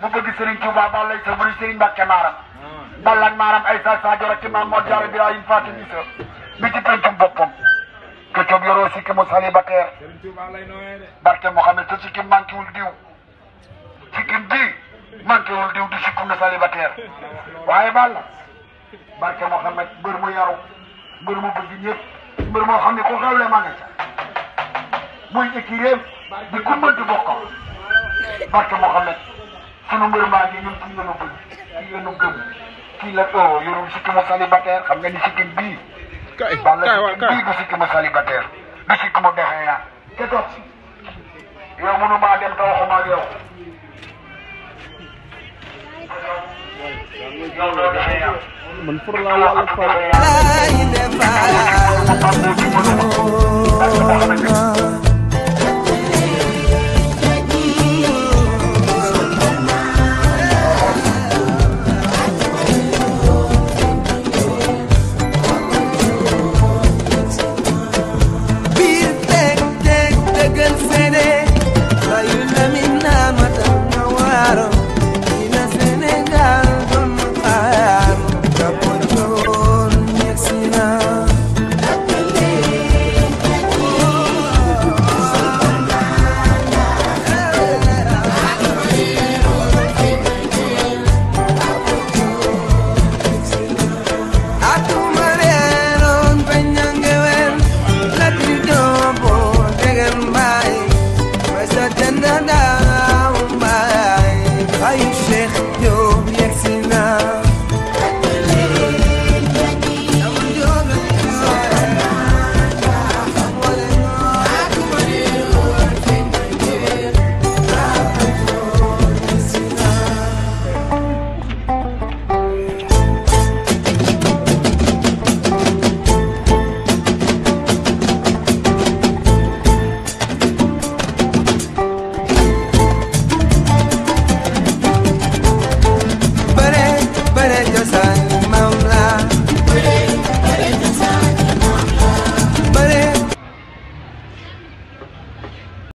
mu bëgg Serigne Touba Balla Issa bu Serigne Mbacke Maram Balla ak Maram ay sa Sadio rek ci maam Mor Diarra Birahim Fatim Issa bi ci pencum boppam ke coog yoroo sikki mu célibataire barke Mouhamed te sikki diw di manqué wul diw di sikku waaye Balla barke Mouhamed mbër mu yaru mbër mu bëgg ñëpp mbër moo xam ne ku xewle maa nga ca muy écurie di ku mënti bokkam barke sunu ngërmaande ñun kii la ñu bëgg kii la ñu gëm kii la oo oh, yorul sikkimu célibataire xam nga ni sikkim bii. kay kay waaw kay bii du sikkimu célibataire du sikkimu dexe yaa te toog yow mënu maa dem te waxuma ak yow. man pour la wàllu جنانا